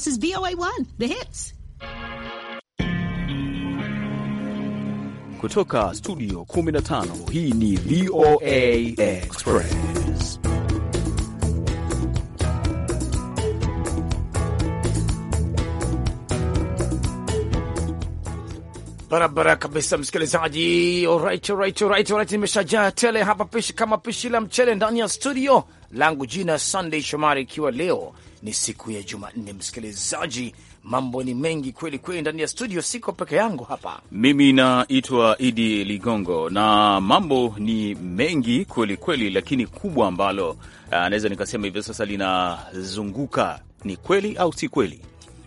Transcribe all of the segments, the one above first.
This is VOA1, the hits. Kutoka studio 15, hii ni VOA Express. Barabara kabisa, msikilizaji. Alright, alright, alright, alright, nimeshajaa tele hapa pishi kama pishi la mchele ndani ya studio langu. Jina Sunday Shomari, ikiwa leo ni siku ya Jumanne. Msikilizaji, mambo ni mengi kweli kweli ndani ya studio, siko peke yangu hapa. Mimi naitwa Idi Ligongo na mambo ni mengi kweli kweli, lakini kubwa ambalo uh, nikasema hivyo sasa linazunguka ni kweli au si kweli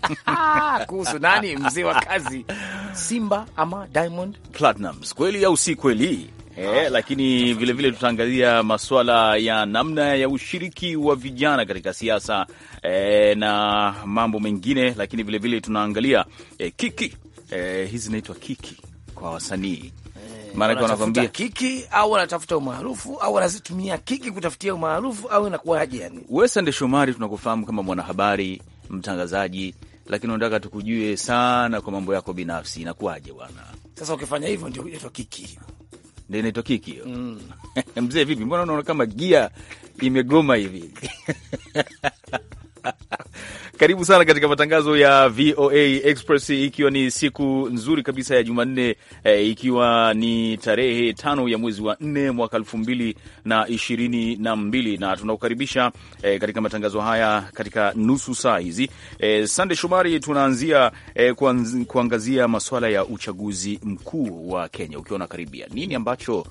kuhusu nani, mzee wa kazi, Simba ama Diamond Platnumz, kweli au si kweli? E, lakini vilevile vile tutaangazia masuala ya namna ya ushiriki wa vijana katika siasa e, na mambo mengine, lakini vilevile vile tunaangalia e, kiki e, hizi zinaitwa kiki kwa wasanii maanake wanakwambia kiki au wanatafuta umaarufu au wanazitumia kiki kutafutia umaarufu au inakuwaje? Yani we Sande Shomari, tunakufahamu kama mwanahabari, mtangazaji, lakini unataka tukujue sana kwa mambo yako binafsi, inakuwaje bwana? Sasa ukifanya hivyo ndio inaitwa kiki ndio inaitwa kiki hiyo mm. Mzee vipi, mbona unaona kama gia imegoma hivi? Karibu sana katika matangazo ya VOA Express, ikiwa ni siku nzuri kabisa ya Jumanne eh, ikiwa ni tarehe tano ya mwezi wa nne mwaka elfu mbili na ishirini na mbili na tunakukaribisha eh, katika matangazo haya katika nusu saa hizi eh, Sande Shomari, tunaanzia eh, kuangazia masuala ya uchaguzi mkuu wa Kenya ukiwa unakaribia. Nini ambacho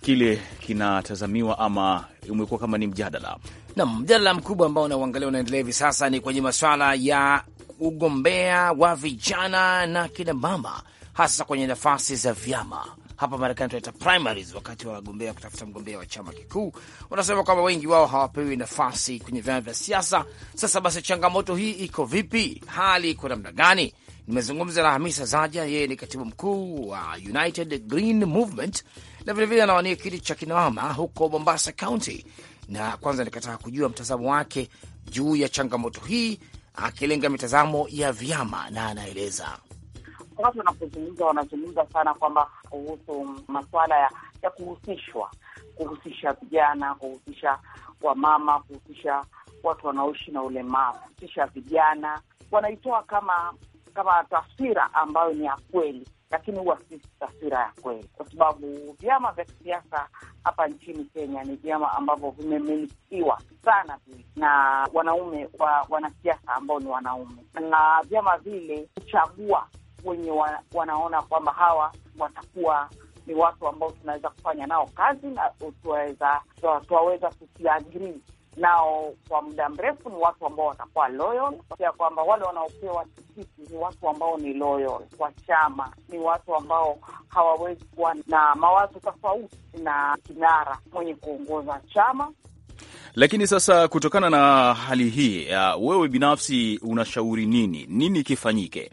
kile kinatazamiwa ama umekuwa kama ni mjadala na mjadala mkubwa ambao unauangalia unaendelea hivi sasa ni kwenye maswala ya ugombea wa vijana na kinamama, hasa kwenye nafasi za vyama hapa Marekani tunaita primaries, wakati wa wagombea kutafuta mgombea wa chama kikuu. Wanasema kwamba wengi wao hawapewi nafasi kwenye vyama vya siasa. Sasa basi, changamoto hii iko vipi? Hali iko namna gani? Nimezungumza na Hamisa Zaja, yeye ni katibu mkuu wa United Green Movement na vilevile anawania kiti cha kinamama huko Mombasa County, na kwanza nikataka kujua mtazamo wake juu ya changamoto hii, akilenga mitazamo ya vyama, na anaeleza watu wanapozungumza, wanazungumza sana kwamba kuhusu masuala ya, ya kuhusishwa, kuhusisha vijana, kuhusisha wamama, kuhusisha watu wanaoishi na ulemavu, kuhusisha vijana wanaitoa kama kama taswira ambayo ni ya kweli, lakini huwa si taswira ya kweli, kwa sababu vyama vya kisiasa hapa nchini Kenya ni vyama ambavyo vimemilikiwa sana na wanaume wa wanasiasa ambao ni wanaume, na vyama vile kuchagua wenye wa, wanaona kwamba hawa watakuwa ni watu ambao tunaweza kufanya nao kazi na tuwaweza tusiagrii nao kwa muda mrefu ni watu ambao watakuwa loyal, kwa kwamba wale wanaopewa tikiti ni watu ambao ni loyal kwa chama, ni watu ambao hawawezi kuwa na mawazo tofauti na kinara mwenye kuongoza chama. Lakini sasa kutokana na hali hii, uh, wewe binafsi unashauri nini, nini kifanyike?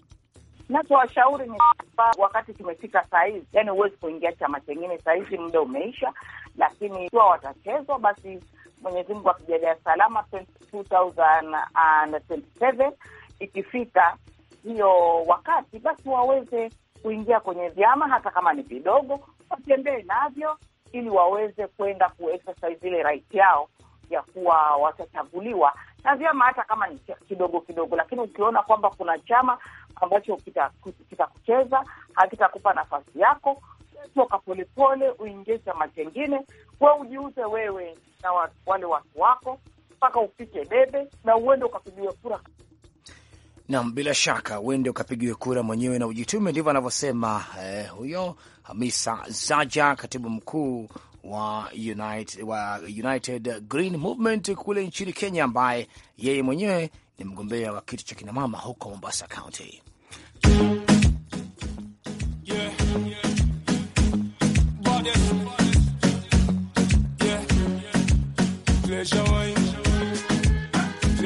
Nachowashauri ni wakati kimefika sahizi, yani huwezi kuingia chama chengine sahizi, muda umeisha, lakini ikiwa watachezwa basi Mwenyezi Mungu akijalia salama 2027 ikifika hiyo wakati, basi waweze kuingia kwenye vyama, hata kama ni vidogo, watembee navyo ili waweze kwenda kuexercise ile right yao ya kuwa watachaguliwa na vyama, hata kama ni kidogo kidogo. Lakini ukiona kwamba kuna chama ambacho kitakucheza kita hakitakupa nafasi yako, toka polepole, uingize matengine, we ujiuze wewe na wale watu wako mpaka ufike debe na uende ukapigiwe kura. Naam, bila shaka uende ukapigiwe kura mwenyewe na ujitume. Ndivyo anavyosema eh, huyo Hamisa Zaja, katibu mkuu wa United, wa United Green Movement kule nchini Kenya, ambaye yeye mwenyewe ni mgombea wa kiti cha kinamama huko Mombasa County.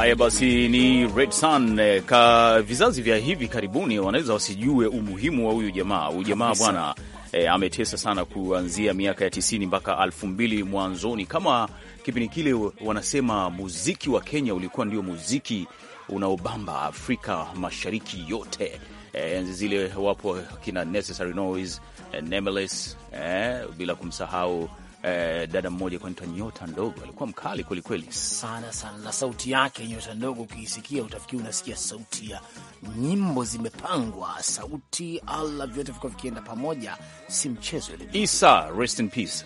Haya basi, ni Red Sun. Eh, ka vizazi vya hivi karibuni wanaweza wasijue umuhimu wa huyu jamaa. Huyu jamaa bwana e, ametesa sana kuanzia miaka ya tisini mpaka alfu mbili mwanzoni, kama kipindi kile wanasema muziki wa Kenya ulikuwa ndio muziki unaobamba Afrika Mashariki yote. Eh, enzi zile wapo kina Necessary Noise, Nameless, e, bila kumsahau eh, dada mmoja kanaitwa Nyota Ndogo, alikuwa mkali kwelikweli sana sana, na sauti yake Nyota Ndogo ukiisikia utafikiri unasikia sauti ya nyimbo zimepangwa, sauti ala, vyote vikuwa vikienda pamoja, si mchezo. Isa, rest in peace.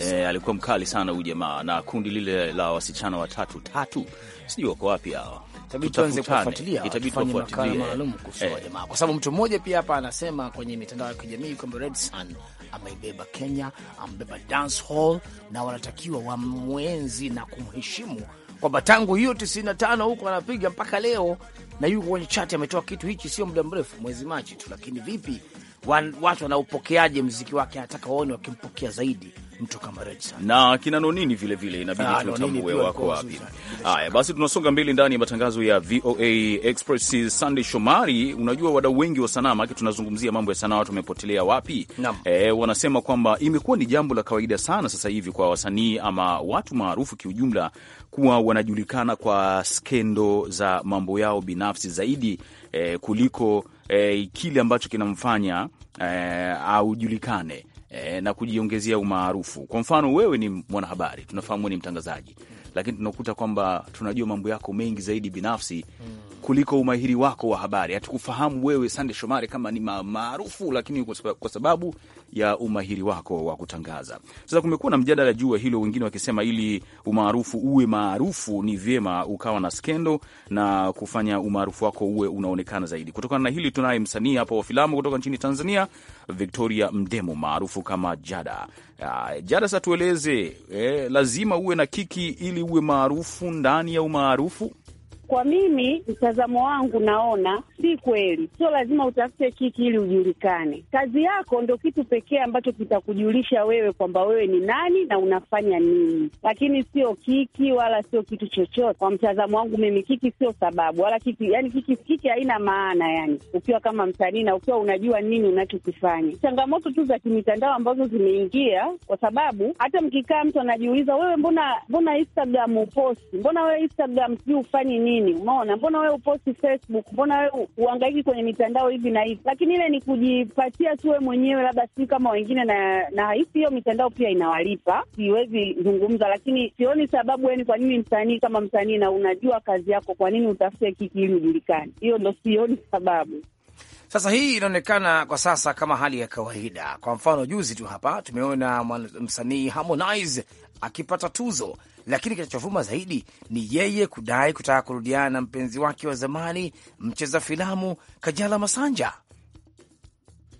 E, alikuwa mkali sana huyu jamaa na kundi lile la wasichana watatu tatu, sijui wako wapi hawa, itabidi tuwafuatilie maalum kuhusu eh. jamaa, kwa sababu mtu mmoja pia hapa anasema kwenye mitandao ya kijamii kwamba Red Sun ameibeba Kenya, amebeba dance hall, na wanatakiwa wamwenzi na kumheshimu kwamba tangu hiyo 95 huko anapiga mpaka leo, na yuko kwenye chati. Ametoa kitu hichi sio muda mrefu, mwezi Machi tu, lakini vipi watu wanaupokeaje mziki wake? Anataka waone wakimpokea zaidi mtu kama Redsa na kina Nonini vile inabidi ah, tutambue wako wapi. Haya basi, tunasonga mbele ndani ya matangazo ya VOA Express. Sunday Shomari, unajua wadau wengi wa sanaa, maana tunazungumzia mambo ya sanaa, watu wamepotelea wapi? E, wanasema kwamba imekuwa ni jambo la kawaida sana sasa hivi kwa wasanii ama watu maarufu kiujumla kuwa wanajulikana kwa skendo za mambo yao binafsi zaidi e, kuliko e, kile ambacho kinamfanya e, aujulikane e, na kujiongezea umaarufu. Kwa mfano, wewe ni mwanahabari, tunafahamu ni mtangazaji, lakini tunakuta kwamba tunajua mambo yako mengi zaidi binafsi kuliko umahiri wako wa habari. Hatukufahamu wewe Sande Shomari kama ni maarufu, lakini kwa sababu ya umahiri wako wa kutangaza. Sasa kumekuwa na mjadala juu ya hilo, wengine wakisema ili umaarufu uwe maarufu ni vyema ukawa na skendo na kufanya umaarufu wako uwe unaonekana zaidi. Kutokana na hili, tunaye msanii hapa wa filamu kutoka nchini Tanzania, Victoria Mdemo maarufu kama Jada. Uh, Jada, sasa tueleze eh, lazima uwe na kiki ili uwe maarufu ndani ya umaarufu kwa mimi mtazamo wangu naona si kweli, sio lazima utafute kiki ili ujulikane. Kazi yako ndo kitu pekee ambacho kitakujulisha wewe kwamba wewe ni nani na unafanya nini, lakini sio kiki wala sio kitu chochote. Kwa mtazamo wangu mimi, kiki sio sababu wala kiki, yani kiki, kiki haina maana yani, ukiwa kama msanii na ukiwa unajua nini unachokifanya. Changamoto tu za kimitandao ambazo zimeingia, kwa sababu hata mkikaa mtu anajiuliza wewe, mbona mbona Instagram uposti, mbona wewe Instagram sijui ufanyi nini nini? Umeona, mbona wewe uposti Facebook? Mbona wewe uhangaiki kwenye mitandao hivi na hivi? Lakini ile ni kujipatia tu wewe mwenyewe, labda si kama wengine, na na hisi hiyo mitandao pia inawalipa, siwezi zungumza, lakini sioni sababu yani kwa nini msanii kama msanii na unajua kazi yako, kwa nini utafute kiki ili ujulikane? Hiyo ndo sioni sababu. Sasa hii inaonekana kwa sasa kama hali ya kawaida. Kwa mfano, juzi tu hapa tumeona msanii Harmonize akipata tuzo lakini kinachovuma zaidi ni yeye kudai kutaka kurudiana na mpenzi wake wa zamani mcheza filamu Kajala Masanja.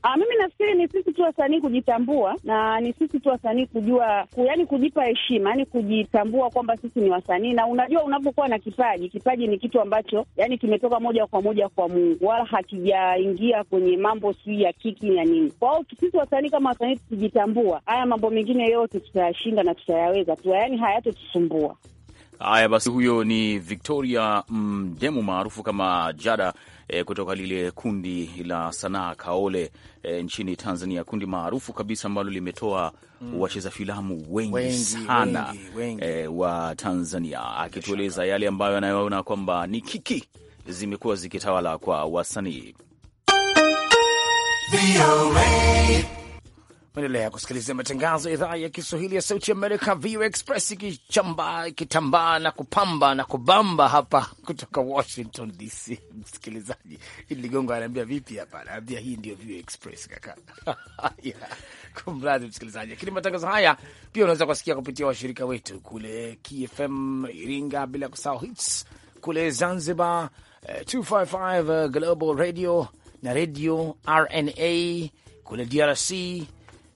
Ah, mimi nafikiri ni sisi tu wasanii kujitambua na ni sisi tu wasanii kujua ku, yani kujipa heshima, yani kujitambua kwamba sisi ni wasanii, na unajua unapokuwa na kipaji, kipaji ni kitu ambacho yani kimetoka moja kwa moja kwa Mungu, wala hakijaingia kwenye mambo sijui ya kiki na nini. Kwa hiyo sisi wasanii kama wasanii tukijitambua, haya mambo mengine yote tutayashinda na tutayaweza tu, yani hayatotusumbua. Haya basi, huyo ni Victoria Mdemu maarufu kama Jada e, kutoka lile kundi la sanaa Kaole e, nchini Tanzania, kundi maarufu kabisa ambalo limetoa mm. wacheza filamu wengi, wengi sana wengi, wengi. E, wa Tanzania, akitueleza yale ambayo anayoona kwamba ni kiki zimekuwa zikitawala kwa wasanii. Endelea kusikiliza matangazo ya idhaa ya Kiswahili ya Sauti Amerika, VOA Express, ikichamba ikitambaa na kupamba na kubamba hapa kutoka Washington DC. Msikilizaji, ili Ligongo anaambia vipi hapa? Anaambia hii ndio VOA Express kaka. Kumradhi msikilizaji, lakini matangazo haya pia unaweza kusikia kupitia washirika wetu kule KFM Iringa, bila kusahau hits kule Zanzibar, uh, 255 uh, Global Radio na Radio RNA kule DRC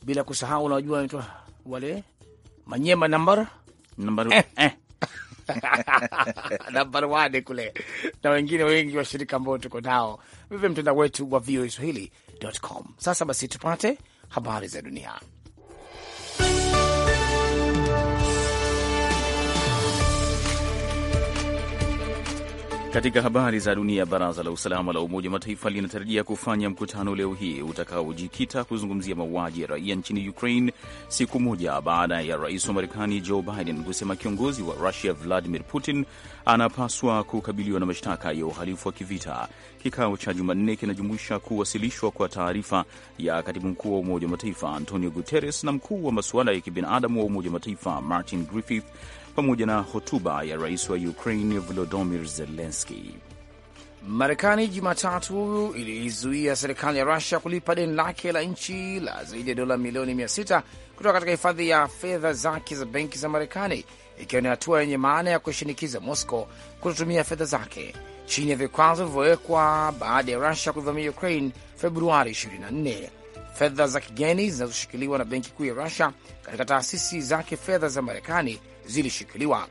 bila kusahau, unajua naitwa wale manyema nambar nambar eh, eh. nambar wane kule na wengine wengi washirika ambao tuko nao vivyo, mtandao wetu wa swahilicom Sasa basi tupate habari za dunia. Katika habari za dunia, baraza la usalama la Umoja wa Mataifa linatarajia kufanya mkutano leo hii utakaojikita kuzungumzia mauaji ya raia nchini Ukraine, siku moja baada ya rais wa Marekani Joe Biden kusema kiongozi wa Rusia Vladimir Putin anapaswa kukabiliwa na mashtaka ya uhalifu wa kivita. Kikao cha Jumanne kinajumuisha kuwasilishwa kwa taarifa ya katibu mkuu wa Umoja wa Mataifa Antonio Guterres na mkuu wa masuala ya kibinadamu wa Umoja wa Mataifa Martin Griffith pamoja na hotuba ya rais wa Ukraine Volodymyr Zelensky. Marekani Jumatatu iliizuia serikali ya Rusia kulipa deni lake la nchi la zaidi ya dola milioni 600 kutoka katika hifadhi ya fedha zake za benki za Marekani, ikiwa ni hatua yenye maana ya kushinikiza Moscow kutotumia fedha zake chini ya vikwazo vilivyowekwa baada ya Rusia kuivamia Ukraine Februari 24. Fedha za kigeni zinazoshikiliwa na benki kuu ya Rusia katika taasisi zake fedha za Marekani zilishikiliwa,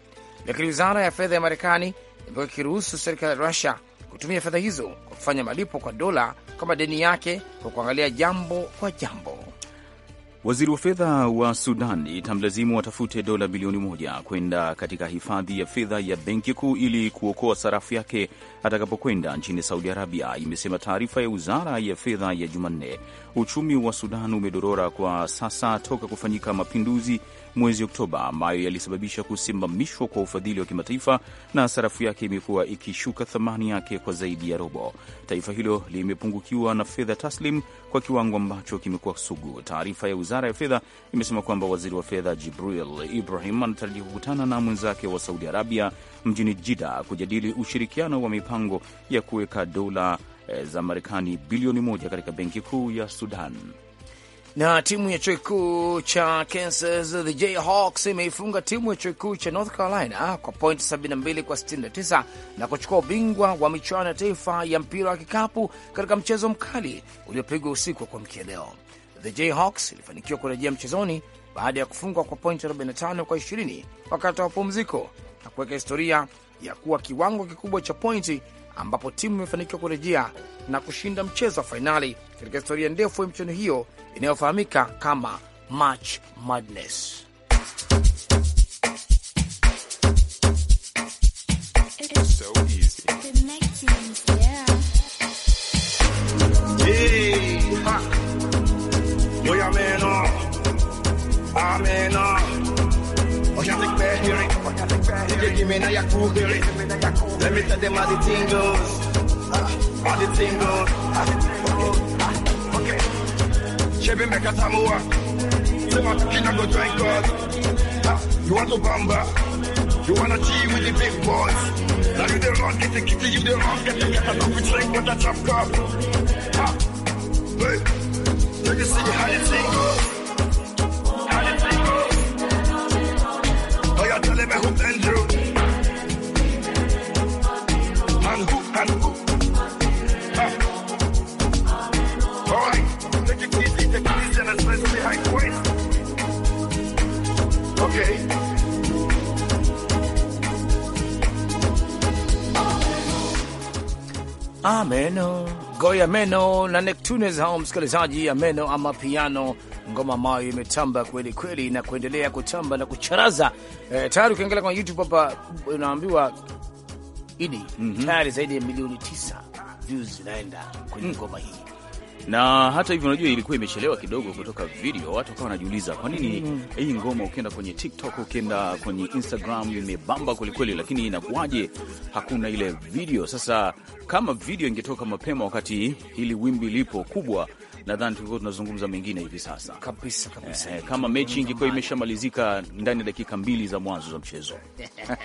lakini wizara ya fedha ya Marekani imekuwa ikiruhusu serikali ya Rusia kutumia fedha hizo kwa kufanya malipo kwa dola kwa madeni yake kwa kuangalia jambo kwa jambo. Waziri wa fedha wa Sudan itamlazimu watafute dola bilioni moja kwenda katika hifadhi ya fedha ya benki kuu ili kuokoa sarafu yake atakapokwenda nchini Saudi Arabia, imesema taarifa ya wizara ya fedha ya Jumanne. Uchumi wa Sudan umedorora kwa sasa toka kufanyika mapinduzi mwezi Oktoba, ambayo yalisababisha kusimamishwa kwa ufadhili wa kimataifa na sarafu yake imekuwa ikishuka thamani yake kwa zaidi ya robo. Taifa hilo limepungukiwa na fedha taslim kwa kiwango ambacho kimekuwa sugu. Taarifa ya wizara ya fedha imesema kwamba waziri wa fedha Jibril Ibrahim anatarajia kukutana na mwenzake wa Saudi Arabia mjini Jida kujadili ushirikiano wa mipango ya kuweka dola eh, za Marekani bilioni moja katika benki kuu ya Sudan. Na timu ya chuo kikuu cha Kansas, the Jayhawks, imeifunga timu ya chuo kikuu cha North Carolina kwa point 72 kwa 69 na kuchukua ubingwa wa michuano ya taifa ya mpira wa kikapu katika mchezo mkali uliopigwa usiku wa kuamkia leo. The Jayhawks ilifanikiwa kurejea mchezoni baada ya kufungwa kwa point 45 kwa 20 wakati wa mapumziko na kuweka historia ya kuwa kiwango kikubwa cha pointi ambapo timu imefanikiwa kurejea na kushinda mchezo wa fainali katika historia ndefu ya michuano hiyo inayofahamika kama March Madness. So nigga, give me now your cool girl. Let me tell them all the tingles, all the tingles. Okay. Chevy make a samoa. Say my cooking, I go drink God. You want to bamba? You wanna cheat with the big boys? Now you the wrong, get the kitty, you the wrong, get the cat, and we drink with the trap cup. Hey, let me see how you tingle. Ah, meno goya meno na Neptunes hao, msikilizaji ya meno ama piano, ngoma ambayo imetamba kweli kweli na kuendelea kutamba na kucharaza. Eh, tayari ukiangalia kwenye YouTube hapa unaambiwa idi mm -hmm. tayari zaidi ya milioni tisa views zinaenda kwenye mm. ngoma mm. hii na hata hivyo, unajua ilikuwa imechelewa kidogo kutoka video, watu wakawa wanajiuliza kwa nini mm hii ngoma ukienda kwenye TikTok, ukienda kwenye Instagram imebamba kwelikweli, lakini inakuwaje hakuna ile video? Sasa kama video ingetoka mapema wakati hili wimbi lipo kubwa nadhani tulikuwa tunazungumza mengine hivi sasa kabisa, kabisa. Eh, eh kama mechi ingekuwa imeshamalizika ndani ya dakika mbili za mwanzo za mchezo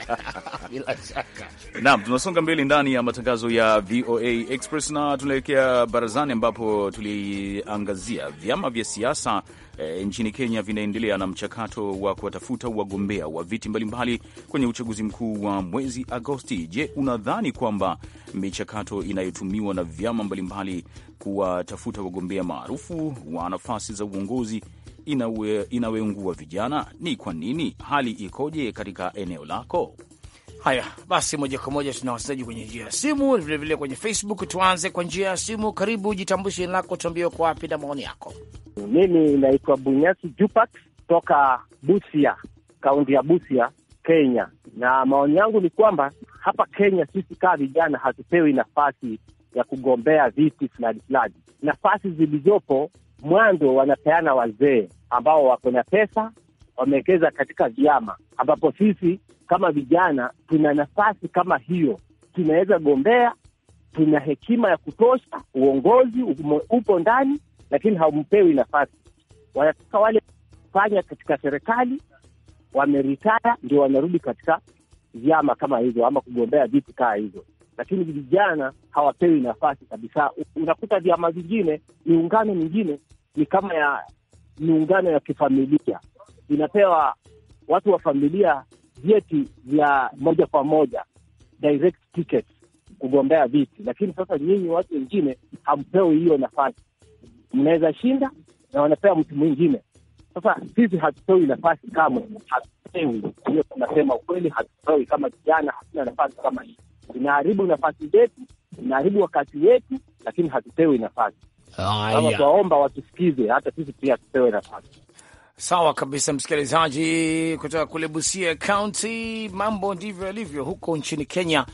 bila shaka. Naam, tunasonga mbele ndani ya matangazo ya VOA Express na tunaelekea barazani, ambapo tuliangazia vyama vya siasa e, nchini Kenya vinaendelea na mchakato wa kuwatafuta wagombea wa viti mbalimbali kwenye uchaguzi mkuu wa mwezi Agosti. Je, unadhani kwamba michakato inayotumiwa na vyama mbalimbali kuwatafuta wagombea maarufu wa nafasi za uongozi inawe, inaweungua vijana? Ni kwa nini? Hali ikoje katika eneo lako? Haya basi, moja kwa moja tuna wasikilizaji kwenye njia ya simu, vilevile vile kwenye Facebook. Tuanze kwa njia ya simu. Karibu, jitambulishe lako, tuambie uko wapi na maoni yako. Mimi naitwa Bunyasi jupat toka Busia, kaunti ya Busia, Kenya, na maoni yangu ni kwamba hapa Kenya sisi kaa vijana hatupewi nafasi ya kugombea viti fulani fulani. Nafasi zilizopo mwanzo wanapeana wazee ambao wako na pesa, wamewekeza katika vyama, ambapo sisi kama vijana tuna nafasi kama hiyo, tunaweza gombea, tuna hekima ya kutosha, uongozi upo ndani, lakini haumpewi nafasi. Wanataka wale fanya katika serikali wameritaya, ndio wanarudi katika vyama kama hivyo ama kugombea viti kaa hivyo lakini vijana hawapewi nafasi kabisa. Unakuta vyama vingine, miungano mingine ni kama ya miungano ya kifamilia, inapewa watu wa familia vyeti vya moja kwa moja direct ticket kugombea viti, lakini sasa nyinyi watu wengine hampewi hiyo nafasi. Mnaweza shinda na wanapewa mtu mwingine. Sasa sisi hatupewi nafasi kamwe, hatupewi hiyo. Tunasema ukweli, hatupewi kama vijana, hatuna nafasi kama hii. Inaharibu nafasi zetu, inaharibu wakati wetu, lakini hatupewi nafasi. Kama tuwaomba watusikize, hata sisi pia tupewe nafasi. Sawa kabisa, msikilizaji kutoka kule Busia County. Mambo ndivyo yalivyo huko nchini Kenya,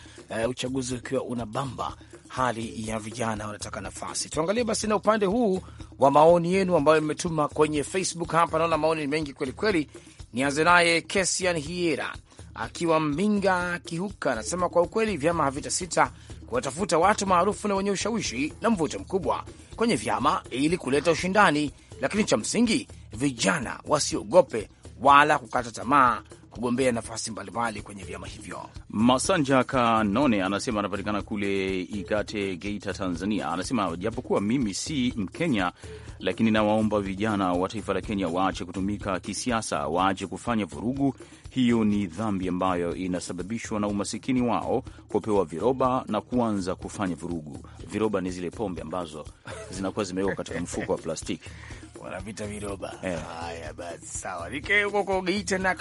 uh, uchaguzi ukiwa unabamba, hali ya vijana wanataka nafasi. Tuangalie basi na upande huu wa maoni yenu ambayo imetuma kwenye Facebook hapa. Naona maoni ni mengi kwelikweli. Nianze naye Kesian Hiera akiwa Mbinga Kihuka, anasema kwa ukweli vyama havitasita kuwatafuta watu maarufu na wenye ushawishi na mvuto mkubwa kwenye vyama ili kuleta ushindani, lakini cha msingi vijana wasiogope wala kukata tamaa kugombea nafasi mbalimbali kwenye vyama hivyo. Masanja Kanone anasema anapatikana kule Ikate, Geita, Tanzania. Anasema japokuwa mimi si Mkenya, lakini nawaomba vijana wa taifa la Kenya waache kutumika kisiasa, waache kufanya vurugu hiyo ni dhambi ambayo inasababishwa na umasikini wao kupewa viroba na kuanza kufanya vurugu. Viroba ni zile pombe ambazo zinakuwa zimewekwa katika mfuko wa plastiki wanavita viroba. Eh. Haya basi, sawa. Nike huko kwa Geita na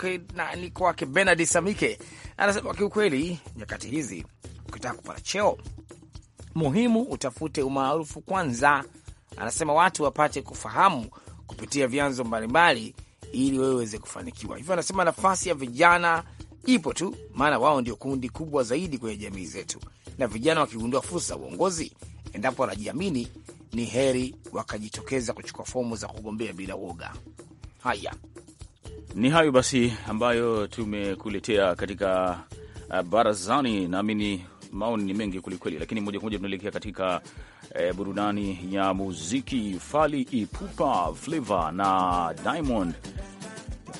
ni kwake Benard Samike anasema, kiukweli nyakati hizi ukitaka kupata cheo muhimu utafute umaarufu kwanza. Anasema watu wapate kufahamu kupitia vyanzo mbalimbali ili wewe uweze kufanikiwa. Hivyo anasema nafasi ya vijana ipo tu, maana wao ndio kundi kubwa zaidi kwenye jamii zetu, na vijana wakigundua fursa ya uongozi, endapo wanajiamini, ni heri wakajitokeza kuchukua fomu za kugombea bila woga. Haya, ni hayo basi ambayo tumekuletea katika eh, barazani, naamini maoni ni mengi kwelikweli, lakini moja kwa moja tunaelekea katika e, burudani ya muziki. fali Ipupa flavor na Diamond,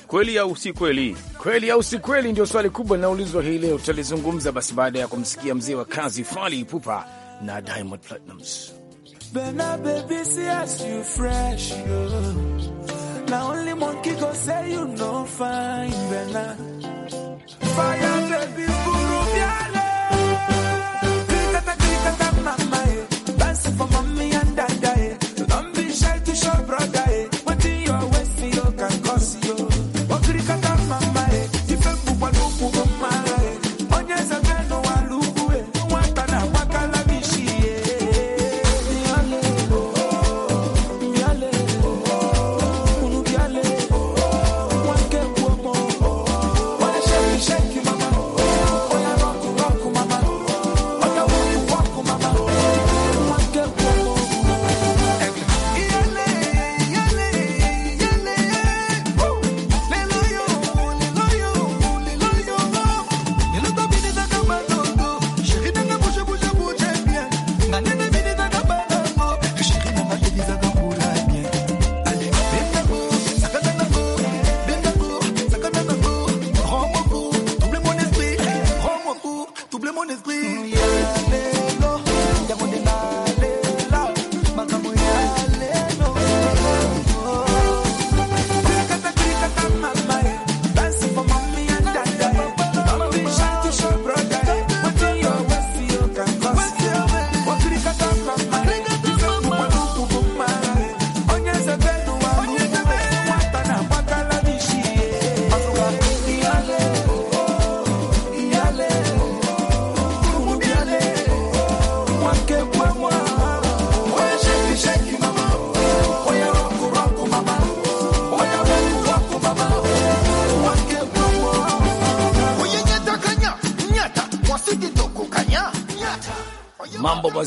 kweli au si kweli? Kweli au si kweli, ndio swali kubwa linaulizwa hii leo. Tutalizungumza basi baada ya kumsikia mzee wa kazi fali Ipupa na Diamond Platnumz.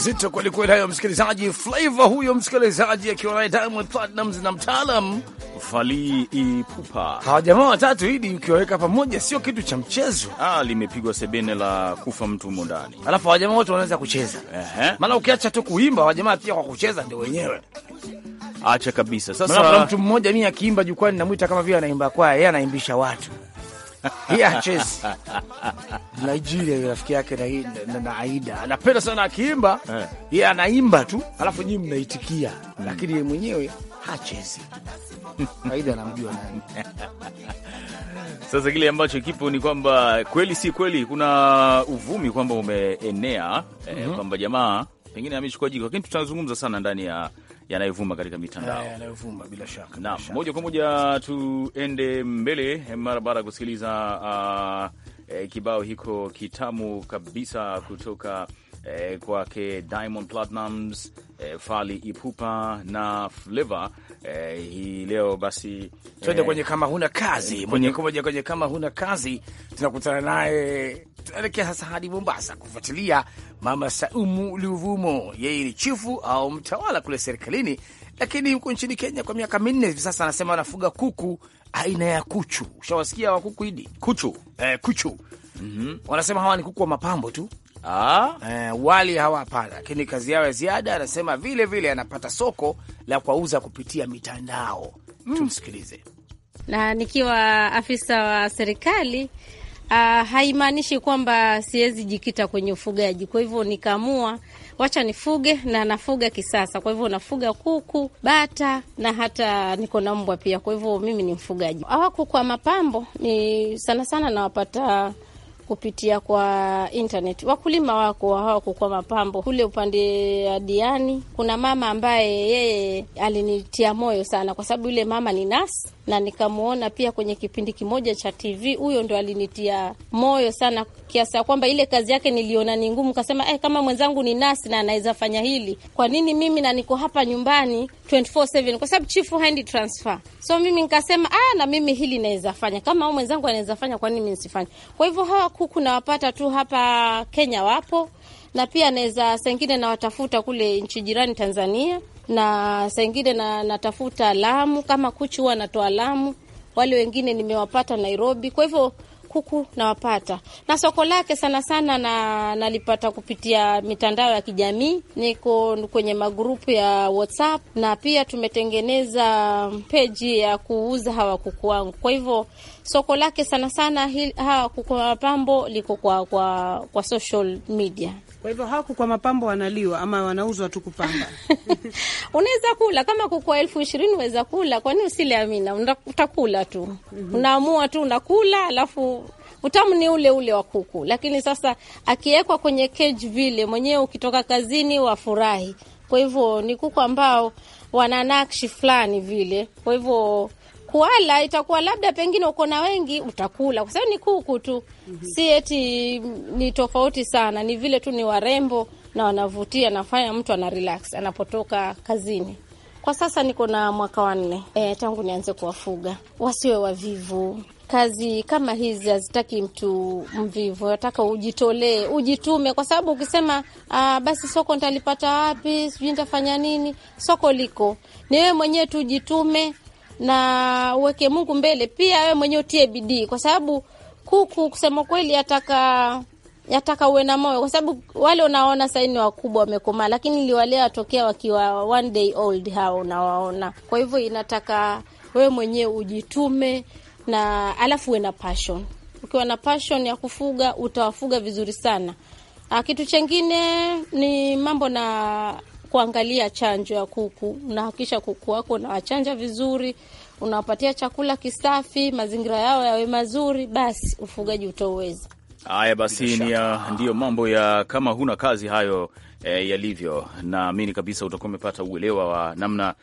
mazito kweli kweli hayo, msikilizaji. Flavor huyo msikilizaji, akiwa naye Diamond Platnumz na mtaalam Fally Ipupa. Hawa jamaa watatu hidi ukiwaweka pamoja sio kitu cha mchezo. Ah, limepigwa sebene la kufa mtu humo ndani, alafu hawa jamaa wote wanaweza kucheza. Ehe, maana ukiacha tu kuimba, hawa jamaa pia kwa kucheza ndio wenyewe acha kabisa. Sasa mtu mmoja mimi akiimba jukwani namwita kama vile anaimba kwaya, yeye anaimbisha watu Hiaches Nigeria, rafiki yake na, na, na Aida anapenda sana akiimba eh. yeye yeah, anaimba tu alafu nyinyi mnaitikia mm. Lakini yeye mwenyewe hachezi Aida anamjua nani? Sasa kile ambacho kipo ni kwamba kweli si kweli, kuna uvumi kwamba umeenea mm -hmm. eh, mhm. kwamba jamaa pengine amechukua jiko, lakini tutazungumza sana ndani ya yanayovuma katika mitandao yanayovuma bila shaka. moja kwa moja tuende mbele eh, mara baada ya kusikiliza uh, e, kibao hiko kitamu kabisa kutoka e, kwake Diamond Platnumz e, Fali Ipupa na Flava e, hii leo basi twende eh, kwenye kama huna kazi e, moja kwa moja kwenye kama huna kazi, tunakutana naye tunaelekea sasa hadi Mombasa kufuatilia Mama Saumu Luvumo. Yeye ni chifu au mtawala kule serikalini, lakini huko nchini Kenya kwa miaka minne hivi sasa anasema anafuga kuku aina ya kuchu. Ushawasikia wa kuku hidi kuchu, eh, kuchu. Mm -hmm. Wanasema hawa ni kuku wa mapambo tu ah. Eh, wali hawapana, lakini kazi yao ya ziada anasema vile vile anapata soko la kuwauza kupitia mitandao mm. Tumsikilize. Na nikiwa afisa wa serikali Uh, haimaanishi kwamba siwezi jikita kwenye ufugaji. Kwa hivyo nikaamua wacha nifuge na nafuga kisasa. Kwa hivyo nafuga kuku, bata na hata niko na mbwa pia. Kwa hivyo mimi ni mfugaji. Hawa kuku wa mapambo ni sana sana nawapata kupitia kwa internet. Wakulima wako hawako kwa mapambo kule upande ya Diani. Kuna mama ambaye yeye alinitia moyo sana, kwa sababu yule mama ni nasi na nikamwona pia kwenye kipindi kimoja cha TV. Huyo ndo alinitia moyo sana kiasi ya kwamba ile kazi yake niliona ni ngumu, kasema eh, kama mwenzangu ni nasi na anaweza fanya hili, kwa nini mimi na niko hapa nyumbani 24/7 kwa sababu chifu haendi transfer. So mimi nikasema ah, na mimi hili naweza fanya kama mwenzangu anaweza fanya, kwa nini mimi nisifanye? Kwa hivyo hawa kuku nawapata tu hapa Kenya wapo, na pia naweza sengine nawatafuta kule nchi jirani Tanzania, na sengine na natafuta Lamu. Kama kuchu huwa natoa Lamu, wale wengine nimewapata Nairobi. Kwa hivyo kuku nawapata, na soko lake sana sana na nalipata kupitia mitandao ya kijamii. Niko kwenye magrupu ya WhatsApp na pia tumetengeneza peji ya kuuza hawa kuku wangu. Kwa hivyo soko lake sana sana hawa kuku wa mapambo liko kwa, kwa, kwa social media. Kwa hivyo haku kwa mapambo wanaliwa ama wanauzwa tu kupamba. Unaweza kula kama kuku elfu ishirini unaweza kula, kwani usile Amina? Utakula tu mm -hmm. Unaamua tu unakula, alafu utamu ni ule ule wa kuku, lakini sasa akiwekwa kwenye cage vile mwenyewe, ukitoka kazini wafurahi. Kwa hivyo ni kuku ambao wana nakshi fulani vile, kwa hivyo kuala itakuwa labda pengine uko na wengi utakula, kwa sababu ni kuku tu mm -hmm. Si eti ni tofauti sana, ni vile tu ni warembo na wanavutia, nafanya mtu ana relax anapotoka kazini. Kwa sasa niko na mwaka wanne e, eh, tangu nianze kuwafuga. Wasiwe wavivu, kazi kama hizi hazitaki mtu mvivu, nataka ujitolee, ujitume, kwa sababu ukisema aa, ah, basi soko ntalipata wapi, sijui ntafanya nini, soko liko ni wewe mwenyewe tu, ujitume na uweke Mungu mbele, pia wewe mwenyewe utie bidii, kwa sababu kuku kusema kweli yataka yataka uwe na moyo, kwa sababu wale unaona saini wakubwa wamekomaa, lakini liwalea watokea wakiwa one day old, hao unawaona. Kwa hivyo inataka wewe mwenyewe ujitume na alafu uwe na passion. Ukiwa na passion ya kufuga utawafuga vizuri sana. Ah, kitu chengine ni mambo na kuangalia chanjo ya kuku. Unahakikisha kuku wako unawachanja vizuri, unawapatia chakula kisafi, mazingira yao yawe mazuri, basi ufugaji utauweza. Haya basi, ni ndiyo mambo ya kama huna kazi hayo e, yalivyo. Naamini kabisa utakuwa umepata uelewa wa namna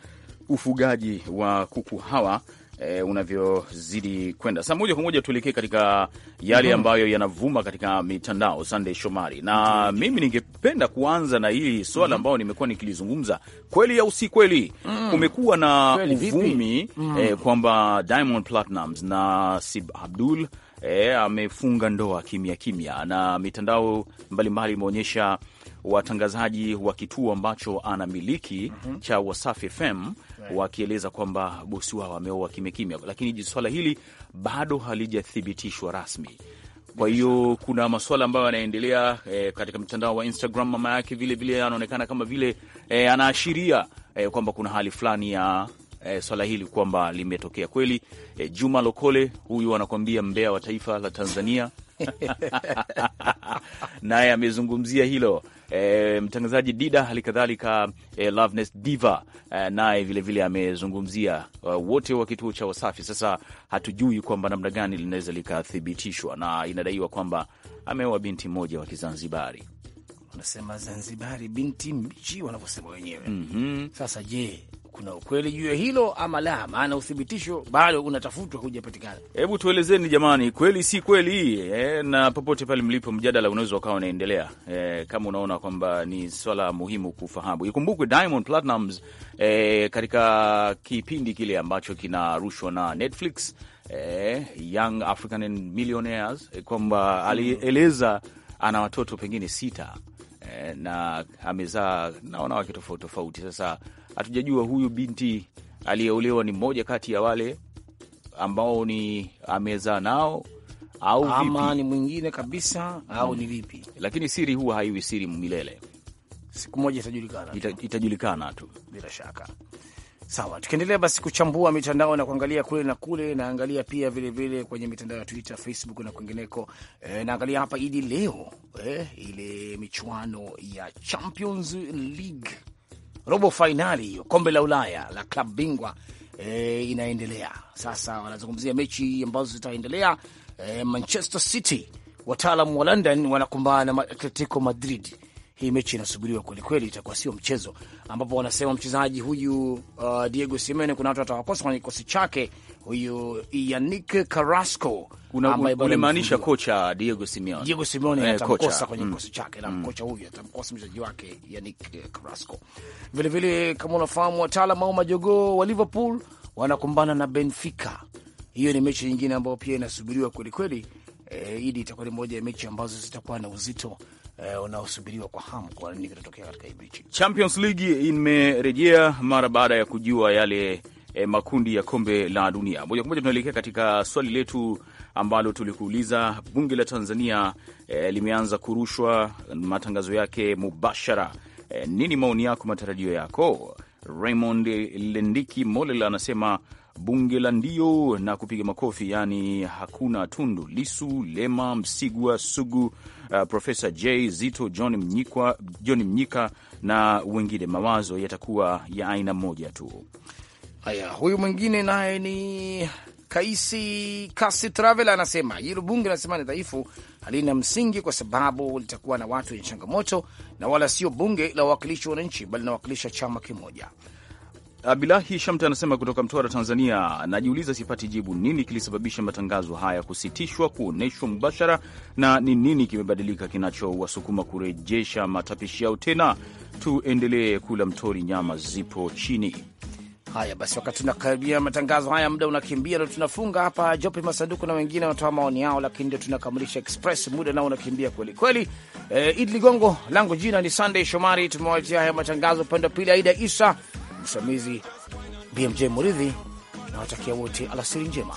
ufugaji wa kuku hawa e, unavyozidi kwenda. Sasa moja kwa moja tuelekee katika yale mhm. ambayo yanavuma katika mitandao, Sunday Shomari, na mhm. mimi ningependa kuanza na hili swala mhm. ambayo nimekuwa nikilizungumza, kweli au si kweli? Kumekuwa na uvumi e, kwamba Diamond Platnumz na Sib Abdul e, amefunga ndoa kimya kimya, na mitandao mbalimbali imeonyesha mbali watangazaji wa kituo ambacho anamiliki mm -hmm. cha Wasafi FM right. wakieleza kwamba bosi wao ameoa kimyakimya, lakini swala hili bado halijathibitishwa rasmi. Kwa hiyo kuna masuala ambayo yanaendelea eh, katika mtandao wa Instagram. Mama yake vilevile anaonekana kama vile eh, anaashiria eh, kwamba kuna hali fulani ya e, swala hili kwamba limetokea kweli. E, Juma Lokole huyu anakuambia mbea wa taifa la Tanzania naye amezungumzia hilo e, mtangazaji Dida hali kadhalika e, Loveness Diva e, naye vilevile amezungumzia e, wote wa kituo cha Wasafi. Sasa hatujui kwamba namna gani linaweza likathibitishwa, na inadaiwa kwamba ameoa binti mmoja wa Kizanzibari wanasema Zanzibari binti mchi wanavyosema wenyewe. mm -hmm. Sasa je, kuna ukweli juu ya hilo ama la, maana uthibitisho bado unatafutwa, hujapatikana. Hebu tuelezeni jamani, kweli si kweli eh? na popote pale mlipo mjadala unaweza ukawa unaendelea eh, kama unaona kwamba ni swala muhimu kufahamu. Ikumbukwe Diamond Platnumz e, katika kipindi kile ambacho kinarushwa na Netflix eh, Young African Millionaires eh, kwamba alieleza ana watoto pengine sita eh, na amezaa na wanawake tofauti tofauti. Sasa hatujajua huyu binti aliyeolewa ni mmoja kati ya wale ambao ni amezaa nao au ama vipi? Ni mwingine kabisa au ni vipi? Lakini siri huwa haiwi siri milele, siku moja itajulikana, Ita, itajulikana tu bila shaka. Sawa, tukiendelea basi kuchambua mitandao na kuangalia kule na kule, naangalia pia vilevile vile kwenye mitandao ya Twitter, Facebook na kwingineko. E, naangalia hapa idi leo e, ile michuano ya Champions League robo fainali hiyo kombe la Ulaya la klabu bingwa e, inaendelea sasa. Wanazungumzia mechi ambazo zitaendelea e, Manchester City wataalamu wa London wanakumbana na Atletico Madrid hii mechi inasubiriwa kwelikweli, itakuwa sio mchezo, ambapo wanasema mchezaji huyu uh, Diego Simeone kuna watu watawakosa kwenye kikosi chake huyu Yannick Carrasco unamaanisha kocha Diego Simeone. Diego Simeone eh, atamkosa kwenye mm. kikosi chake na mm. kocha huyu atamkosa mchezaji wake Yannick Carrasco. Vilevile, kama unafahamu, wataalam au majogoo wa Liverpool wanakumbana na Benfica. Hiyo ni mechi nyingine ambayo pia inasubiriwa kwelikweli. E, eh, idi itakuwa ni moja ya mechi ambazo zitakuwa na uzito eh, unaosubiriwa kwa hamu kwa nini kitatokea katika hii mechi. Champions League imerejea mara baada ya kujua yale eh, makundi ya kombe la dunia. Moja kwa moja tunaelekea katika swali letu ambalo tulikuuliza. Bunge la Tanzania eh, limeanza kurushwa matangazo yake mubashara. Eh, nini maoni yako, matarajio yako? Raymond Lendiki Molela anasema bunge la ndio na kupiga makofi, yaani hakuna Tundu Lisu, Lema, Msigwa, Sugu, uh, Profesa J, Zito, John Mnyika, John Mnyika na wengine. Mawazo yatakuwa ya aina moja tu. Haya, huyu mwingine naye ni Kaisi Kasi Travel anasema hilo bunge anasema ni dhaifu, halina msingi kwa sababu litakuwa na watu wenye changamoto na wala sio bunge la wawakilishi wa wananchi, bali linawakilisha chama kimoja. Abilahi Shamte anasema kutoka Mtwara, Tanzania, najiuliza sipati jibu, nini kilisababisha matangazo haya kusitishwa kuonyeshwa mubashara, na ni nini kimebadilika kinachowasukuma kurejesha matapishi yao tena? Tuendelee kula mtori, nyama zipo chini. Haya basi, wakati tunakaribia matangazo haya, muda unakimbia, ndo tunafunga hapa. Jope Masanduku na wengine wanatoa maoni yao, lakini ndio tunakamilisha Express, muda nao unakimbia kweli kweli. Eh, Idi Ligongo langu jina ni Sunday Shomari, tumewaletea haya matangazo upande wa pili, Aida Isa msimamizi BMJ Muridhi, nawatakia wote alasiri njema.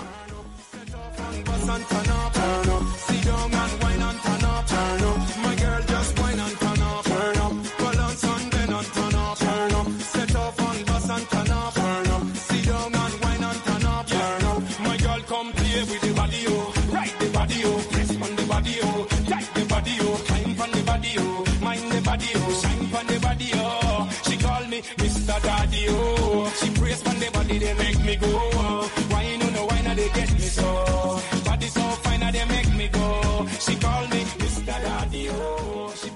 you.